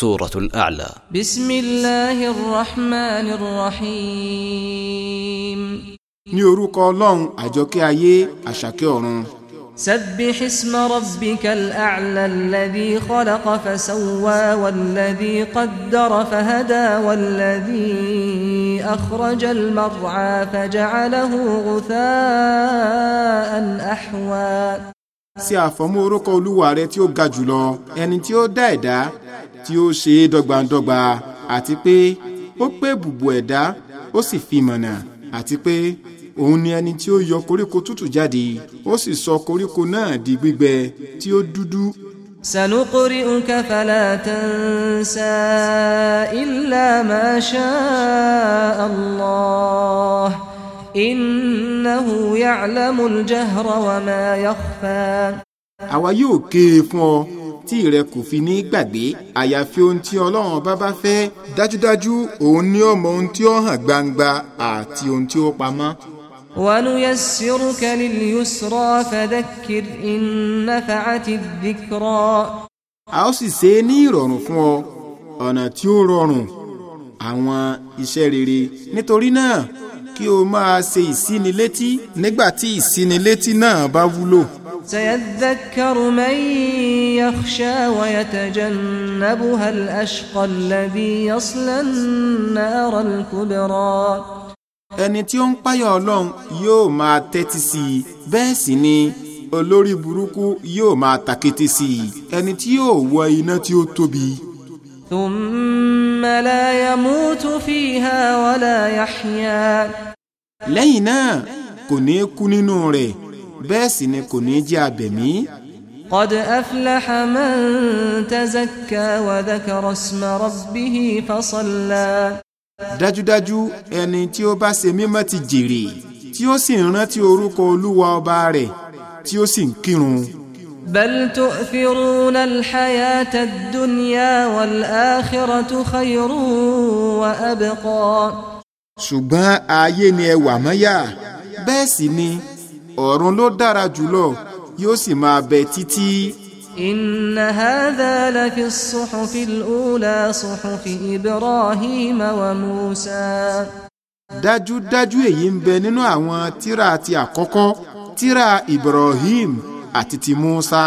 سورة الأعلى بسم الله الرحمن الرحيم ní الله ọlọ́run أي ayé سبح اسم ربك الأعلى الذي خلق فسوى والذي قدر فهدى والذي أخرج المرعى فجعله غثاء أحوى ṣe àfọ̀mọ́ orúkọ olúwa rẹ tí ó ga jùlọ ẹni tí ó dá ẹ̀dá tí ó ṣe é dọ́gbandọ́gba àti pé ó pé bùbù ẹ̀dá ó sì fi mọ̀nà àti pé òun ni ẹni tí ó yọ koríko tútù jáde ó sì sọ koríko náà di gbígbẹ tí ó dúdú. سنقرئك فلا تنسى إلا ما شاء الله إن إنه يعلم الجهر وما يخفى àwa yóò kéré e fún ọ tí rẹ kò fi ní gbàgbé àyàfi ohun tí ọlọ́run bá bá fẹ́ dájúdájú òun ni ó ohun tí ó hàn gbangba àti ohun tí ó pamọ́. ونيسرك لليسرى فذكر إن نفعت الذكرى. a ó sì ṣe ní ìrọ̀rùn fún ọ ọ̀nà tí ó rọrùn àwọn iṣẹ́ rere nítorí náà kí o máa ṣe ìsínilétí nígbà tí ìsínilétí náà bá wúlò. سيذكر من يخشى ويتجنبها الأشقى الذي يصلى النار الكبرى ẹni tí ó ń páyà ọlọ́run yóò máa tẹ́tí sí i bẹ́ẹ̀ sì ni olórí burúkú yóò máa tàkété sí i ẹni tí yóò wọ iná tí ó tóbi. ثم لا يموت فيها ولا يحيى lẹ́yìn náà kò ní kú nínú rẹ̀ bẹ́ẹ̀ sì ni kò ní jẹ́ abẹ̀mí. قد أفلح من تزكى وذكر اسم ربه فصلى dájúdájú ẹni tí ó bá ṣe mímọ́ ti jèrè tí ó sì ń rántí orúkọ olúwa ọba rẹ̀ tí ó sì ń kírun. بل تؤثرون الحياة الدنيا والآخرة خير وأبقى ṣùgbọ́n ayé ni ẹ wà mọ́yà. bẹ́ẹ̀ sì ni ọ̀run ló dára jùlọ yóò sì máa bẹ títí. inna hadha la fi suhufi al-ula suhufi ibrahim wa musa. dájúdájú èyí ń bẹ nínú àwọn tírà ti àkọ́kọ́ tírà ibrahim àti ti musa.